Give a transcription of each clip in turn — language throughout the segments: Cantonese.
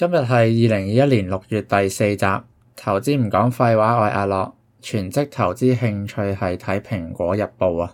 今日係二零二一年六月第四集，投資唔講廢話，我係阿樂，全職投資興趣係睇蘋果日報啊。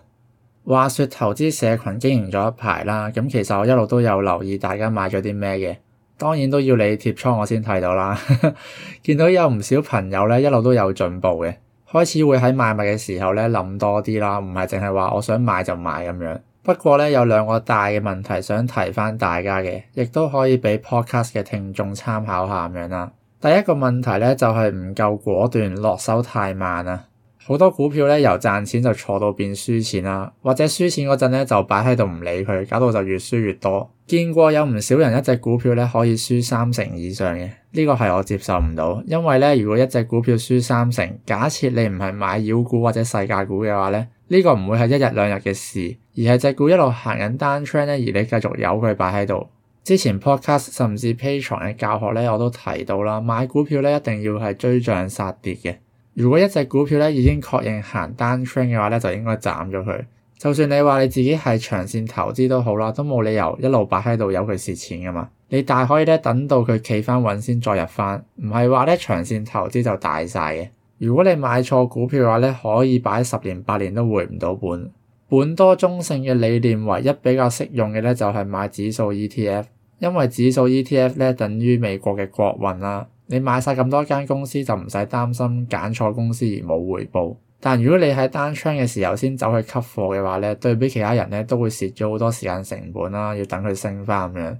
話說投資社群經營咗一排啦，咁其實我一路都有留意大家買咗啲咩嘅，當然都要你貼倉我先睇到啦。 見到有唔少朋友咧一路都有進步嘅，開始會喺買物嘅時候咧諗多啲啦，唔係淨係話我想買就買咁樣。不過咧，有兩個大嘅問題想提翻大家嘅，亦都可以俾 podcast 嘅聽眾參考下咁樣啦。第一個問題咧就係唔夠果斷，落手太慢啦。好多股票咧由賺錢就坐到變輸錢啦，或者輸錢嗰陣咧就擺喺度唔理佢，搞到就越輸越多。見過有唔少人一隻股票咧可以輸三成以上嘅，呢個係我接受唔到，因為咧如果一隻股票輸三成，假設你唔係買妖股或者世界股嘅話咧。呢個唔會係一日兩日嘅事，而係隻股一路行緊 downtrend 咧，而你繼續由佢擺喺度。之前 Podcast 甚至 Patreon 嘅教學咧，我都提到啦，買股票咧一定要係追漲殺跌嘅。如果一隻股票咧已經確認行 downtrend 嘅話咧，就應該斬咗佢。就算你話你自己係長線投資都好啦，都冇理由一路擺喺度由佢蝕錢㗎嘛。你大可以咧等到佢企返穩先再入返，唔係話咧長線投資就大晒嘅。如果你買錯股票嘅話咧，可以擺十年八年都回唔到本。本多中性嘅理念唯一比較適用嘅咧，就係買指數 ETF，因為指數 ETF 咧等於美國嘅國運啦。你買晒咁多間公司就唔使擔心揀錯公司而冇回報。但如果你喺單槍嘅時候先走去吸貨嘅話咧，對比其他人咧都會蝕咗好多時間成本啦，要等佢升翻咁樣。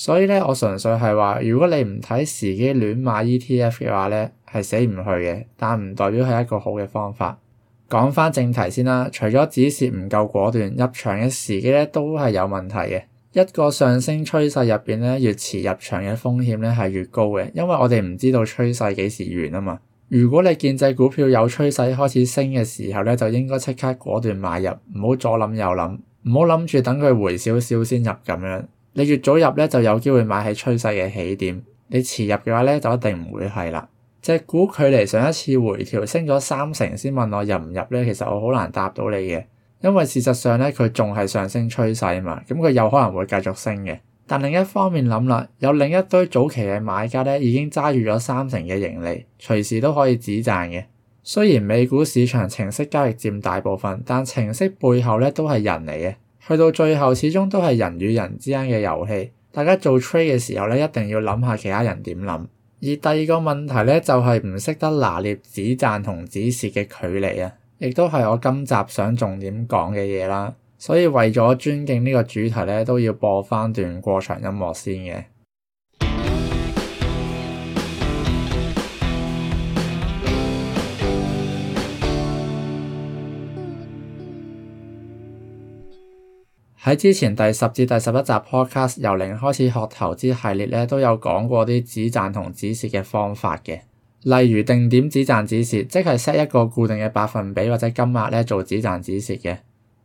所以咧，我純粹係話，如果你唔睇時機亂買 ETF 嘅話咧，係死唔去嘅。但唔代表係一個好嘅方法。講翻正題先啦，除咗止蝕唔夠果斷，入場嘅時機咧都係有問題嘅。一個上升趨勢入邊咧，越遲入場嘅風險咧係越高嘅，因為我哋唔知道趨勢幾時完啊嘛。如果你見隻股票有趨勢開始升嘅時候咧，就應該即刻果斷買入，唔好左諗右諗，唔好諗住等佢回少少先入咁樣。你越早入咧，就有機會買喺趨勢嘅起點；你遲入嘅話咧，就一定唔會係啦。隻股距離上一次回調升咗三成先問我入唔入咧，其實我好難答到你嘅，因為事實上咧佢仲係上升趨勢嘛，咁佢有可能會繼續升嘅。但另一方面諗啦，有另一堆早期嘅買家咧已經揸住咗三成嘅盈利，隨時都可以止賺嘅。雖然美股市場程式交易佔大部分，但程式背後咧都係人嚟嘅。去到最後，始終都係人與人之間嘅遊戲。大家做 trade 嘅時候咧，一定要諗下其他人點諗。而第二個問題咧，就係唔識得拿捏止賺同止蝕嘅距離啊，亦都係我今集想重點講嘅嘢啦。所以為咗尊敬呢個主題咧，都要播翻段過場音樂先嘅。喺之前第十至第十一集 podcast 由零開始學投資系列咧，都有講過啲止賺同止蝕嘅方法嘅，例如定點止賺止蝕，即係 set 一個固定嘅百分比或者金額咧做止賺止蝕嘅；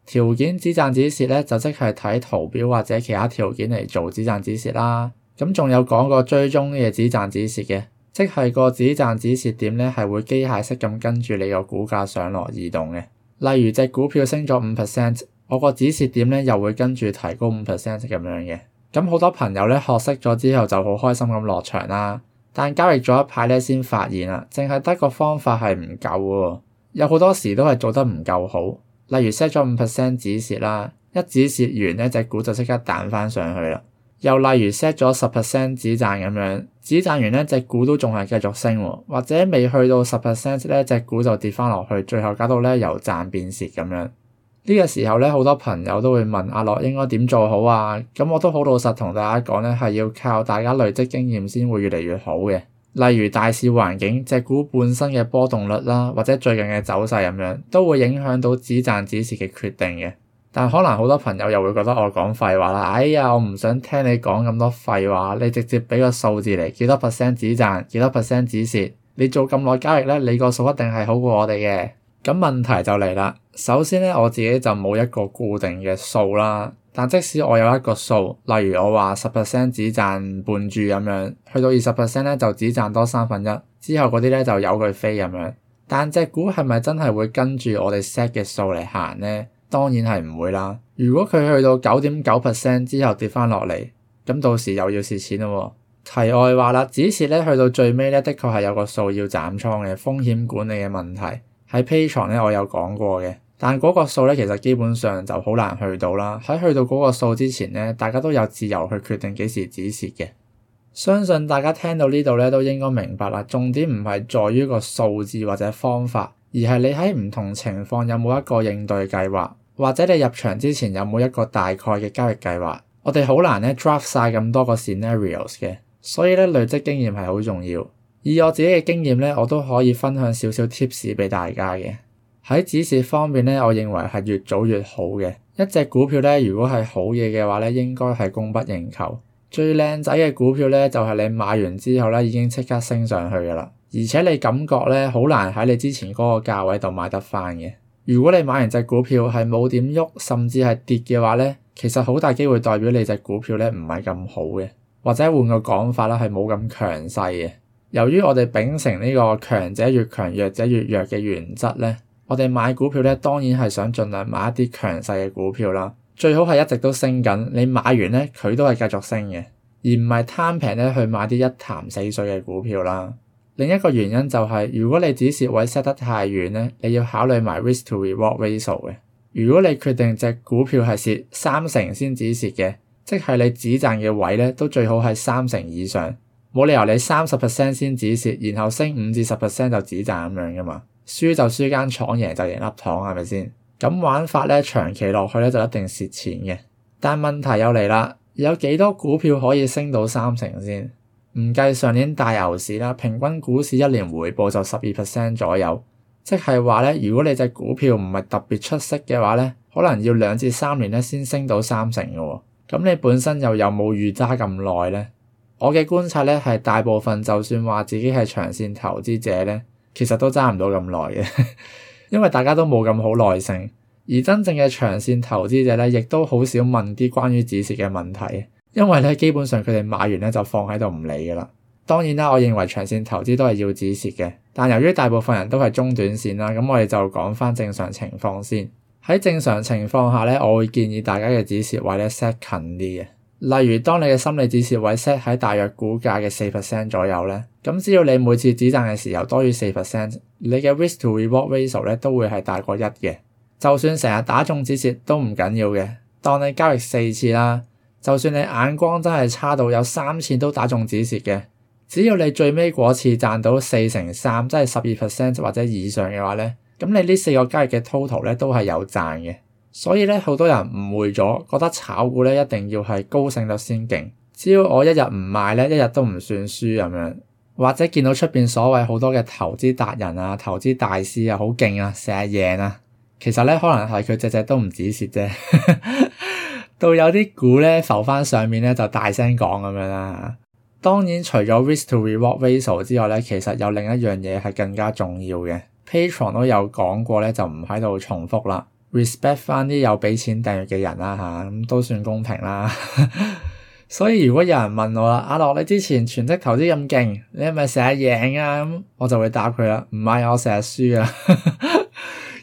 條件止賺止蝕咧就即係睇圖表或者其他條件嚟做止賺止蝕啦。咁仲有講過追蹤嘅止賺止蝕嘅，即係個止賺止蝕點咧係會機械式咁跟住你個股價上落移動嘅。例如隻股票升咗五 percent。我個止蝕點咧又會跟住提高五 percent 咁樣嘅，咁好多朋友咧學識咗之後就好開心咁落場啦。但交易咗一排咧先發現啊，淨係得個方法係唔夠喎，有好多時都係做得唔夠好。例如 set 咗五 percent 止蝕啦，一止蝕完咧隻股就即刻彈翻上去啦。又例如 set 咗十 percent 止賺咁樣，止賺完咧隻股都仲係繼續升，或者未去到十 percent 咧隻股就跌翻落去，最後搞到咧由賺變蝕咁樣。呢個時候咧，好多朋友都會問阿樂、啊、應該點做好啊？咁、嗯、我都好老實同大家講咧，係要靠大家累積經驗先會越嚟越好嘅。例如大市環境、隻股本身嘅波動率啦，或者最近嘅走勢咁樣，都會影響到止賺止蝕嘅決定嘅。但可能好多朋友又會覺得我講廢話啦，哎呀，我唔想聽你講咁多廢話，你直接俾個數字嚟，幾多 percent 止賺，幾多 percent 止蝕？你做咁耐交易咧，你個數一定係好過我哋嘅。咁問題就嚟啦。首先咧，我自己就冇一個固定嘅數啦。但即使我有一個數，例如我話十 percent 止賺半注咁樣，去到二十 percent 咧就止賺多三分一，之後嗰啲咧就由佢飛咁樣。但隻股係咪真係會跟住我哋 set 嘅數嚟行咧？當然係唔會啦。如果佢去到九點九 percent 之後跌翻落嚟，咁到時又要蝕錢啦、哦。題外話啦，止蝕咧去到最尾咧，的確係有個數要斬倉嘅風險管理嘅問題。喺 Patreon 咧，我有講過嘅，但嗰個數咧，其實基本上就好難去到啦。喺去到嗰個數之前咧，大家都有自由去決定幾時止蝕嘅。相信大家聽到呢度咧，都應該明白啦。重點唔係在於個數字或者方法，而係你喺唔同情況有冇一個應對計劃，或者你入場之前有冇一個大概嘅交易計劃。我哋好難咧 draft 晒咁多個 scenarios 嘅，所以咧累積經驗係好重要。以我自己嘅經驗咧，我都可以分享少少 tips 俾大家嘅。喺止蝕方面咧，我認為係越早越好嘅。一隻股票咧，如果係好嘢嘅話咧，應該係供不應求。最靚仔嘅股票咧，就係你買完之後咧已經即刻升上去㗎啦，而且你感覺咧好難喺你之前嗰個價位度買得返嘅。如果你買完隻股票係冇點喐，甚至係跌嘅話咧，其實好大機會代表你隻股票咧唔係咁好嘅，或者換個講法啦，係冇咁強勢嘅。由於我哋秉承呢個強者越強、弱者越弱嘅原則呢，我哋買股票呢，當然係想盡量買一啲強勢嘅股票啦，最好係一直都升緊。你買完呢，佢都係繼續升嘅，而唔係貪平呢去買啲一潭死水嘅股票啦。另一個原因就係，如果你止蝕位 set 得太遠呢，你要考慮埋 risk to reward ratio 嘅。如果你決定隻股票係蝕三成先止蝕嘅，即係你止賺嘅位呢，都最好係三成以上。冇理由你三十 percent 先止蝕，然後升五至十 percent 就止賺咁樣噶嘛？輸就輸間廠，贏就贏粒糖，係咪先？咁玩法咧，長期落去咧就一定蝕錢嘅。但問題又嚟啦，有幾多股票可以升到三成先？唔計上年大牛市啦，平均股市一年回報就十二 percent 左右。即係話咧，如果你隻股票唔係特別出色嘅話咧，可能要兩至三年咧先升到三成嘅喎、哦。咁你本身又有冇預揸咁耐咧？我嘅觀察咧，係大部分就算話自己係長線投資者咧，其實都揸唔到咁耐嘅， 因為大家都冇咁好耐性。而真正嘅長線投資者咧，亦都好少問啲關於止蝕嘅問題，因為咧基本上佢哋買完咧就放喺度唔理噶啦。當然啦，我認為長線投資都係要止蝕嘅，但由於大部分人都係中短線啦，咁我哋就講翻正常情況先。喺正常情況下咧，我會建議大家嘅止蝕位咧 set 近啲嘅。Secondly, 例如，當你嘅心理指示止蝕位 set 喺大約股價嘅四 percent 左右咧，咁只要你每次止賺嘅時候多於四 %，percent，你嘅 risk to reward ratio 咧都會係大過一嘅。就算成日打中止蝕都唔緊要嘅。當你交易四次啦，就算你眼光真係差到有三次都打中止蝕嘅，只要你最尾嗰次賺到四乘三，即係十二 percent 或者以上嘅話咧，咁你呢四個交易嘅 total 咧都係有賺嘅。所以咧，好多人誤會咗，覺得炒股咧一定要係高勝率先勁。只要我一日唔賣咧，一日都唔算輸咁樣。或者見到出邊所謂好多嘅投資達人啊、投資大師啊，好勁啊，成日贏啊。其實咧，可能係佢隻隻都唔止蝕啫。 到有啲股咧浮翻上，上面咧，就大聲講咁樣啦。當然，除咗 risk to reward ratio 之外咧，其實有另一樣嘢係更加重要嘅。Patreon 都有講過咧，就唔喺度重複啦。Respect 翻啲有畀錢訂閱嘅人啦嚇，咁、啊、都算公平啦。 所以如果有人問我啦，阿樂你之前全職投資咁勁，你係咪成日贏啊？咁我就會答佢啦，唔係我成日輸噶。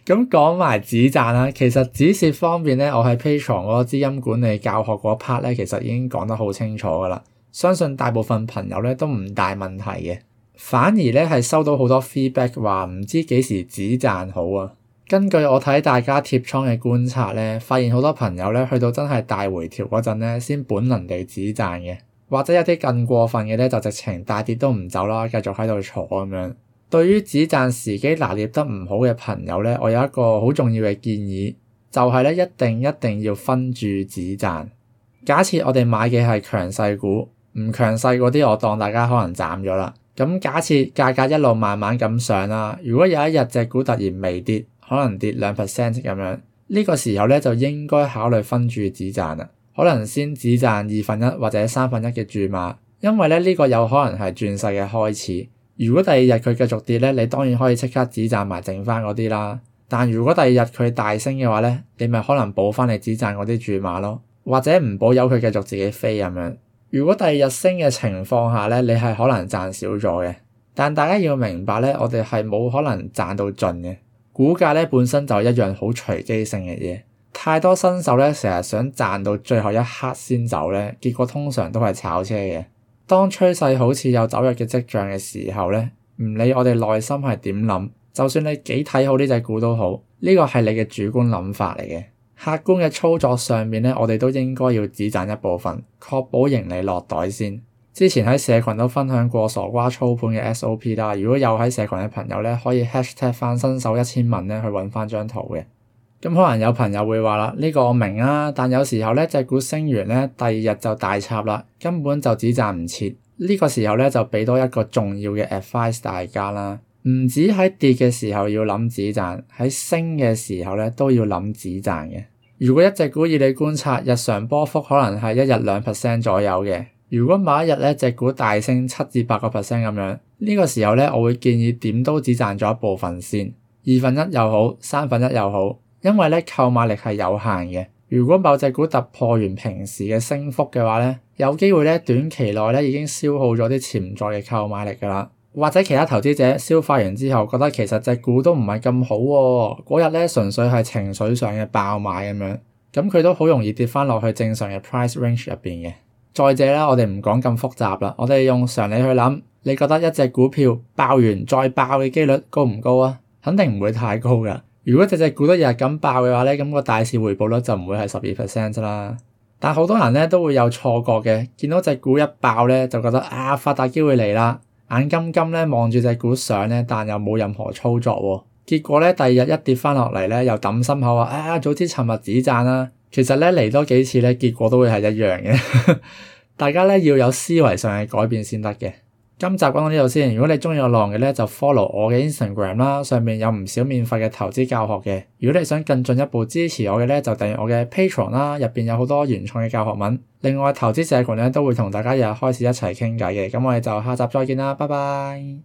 咁講埋止賺啦，其實止蝕方面咧，我喺 Patreon 嗰個資金管理教學嗰 part 咧，其實已經講得好清楚噶啦。相信大部分朋友咧都唔大問題嘅，反而咧係收到好多 feedback 話唔知幾時止賺好啊。根據我睇大家貼倉嘅觀察咧，發現好多朋友咧去到真係大回調嗰陣咧，先本能地止賺嘅，或者一啲更過分嘅咧就直情大跌都唔走啦，繼續喺度坐咁樣。對於止賺時機拿捏得唔好嘅朋友咧，我有一個好重要嘅建議，就係咧一定一定要分住止賺。假設我哋買嘅係強勢股，唔強勢嗰啲我當大家可能斬咗啦。咁假設價格一路慢慢咁上啦，如果有一日隻股突然微跌，可能跌兩 percent 咁樣，呢個時候咧就應該考慮分注止賺啦。可能先止賺二分一或者三分一嘅注碼，因為咧呢個有可能係轉勢嘅開始。如果第二日佢繼續跌咧，你當然可以即刻止賺埋剩翻嗰啲啦。但如果第二日佢大升嘅話咧，你咪可能補翻你止賺嗰啲注碼咯，或者唔補，由佢繼續自己飛咁樣。如果第二日升嘅情況下咧，你係可能賺少咗嘅，但大家要明白咧，我哋係冇可能賺到盡嘅。股價咧本身就係一樣好隨機性嘅嘢，太多新手咧成日想賺到最後一刻先走咧，結果通常都係炒車嘅。當趨勢好似有走弱嘅跡象嘅時候咧，唔理我哋內心係點諗，就算你幾睇好呢隻股都好，呢個係你嘅主觀諗法嚟嘅。客觀嘅操作上面咧，我哋都應該要止賺一部分，確保盈利落袋先。之前喺社群都分享過傻瓜操盤嘅 SOP 啦。如果有喺社群嘅朋友咧，可以 hashtag 翻新手呢一千蚊咧去揾翻張圖嘅。咁可能有朋友會話啦，呢、這個我明啊，但有時候咧隻股升完咧，第二日就大插啦，根本就止賺唔切。呢、這個時候咧就俾多一個重要嘅 advice 大家啦，唔止喺跌嘅時候要諗止賺，喺升嘅時候咧都要諗止賺嘅。如果一隻股以你觀察日常波幅可能係一日兩 percent 左右嘅。如果某一日咧隻股大升七至八個 percent 咁樣，呢個時候咧，我會建議點都止賺咗一部分先，二分一又好，三分一又好，因為咧購買力係有限嘅。如果某隻股突破完平時嘅升幅嘅話咧，有機會咧短期內咧已經消耗咗啲潛在嘅購買力㗎啦，或者其他投資者消化完之後，覺得其實隻股都唔係咁好喎、啊，嗰日咧純粹係情緒上嘅爆買咁樣，咁佢都好容易跌返落去正常嘅 price range 入邊嘅。再者啦，我哋唔講咁複雜啦，我哋用常理去諗，你覺得一隻股票爆完再爆嘅機率高唔高啊？肯定唔會太高㗎。如果隻只股都日日咁爆嘅話咧，咁個大市回報率就唔會係十二 percent 啫啦。但好多人咧都會有錯覺嘅，見到隻股一爆咧就覺得啊，發達機會嚟啦，眼金金咧望住隻股上咧，但又冇任何操作喎、啊。結果咧第二日一跌翻落嚟咧，又揼心口話啊，早知尋日止賺啦。其實咧嚟多幾次咧，結果都會係一樣嘅。大家咧要有思維上嘅改變先得嘅。今集講到呢度先。如果你鍾意我的浪嘅咧，就 follow 我嘅 Instagram 啦，上面有唔少免費嘅投資教學嘅。如果你想更進一步支持我嘅咧，就訂閱我嘅 Patreon 啦，入邊有好多原創嘅教學文。另外投資社群咧都會同大家有開始一齊傾偈嘅。咁我哋就下集再見啦，拜拜。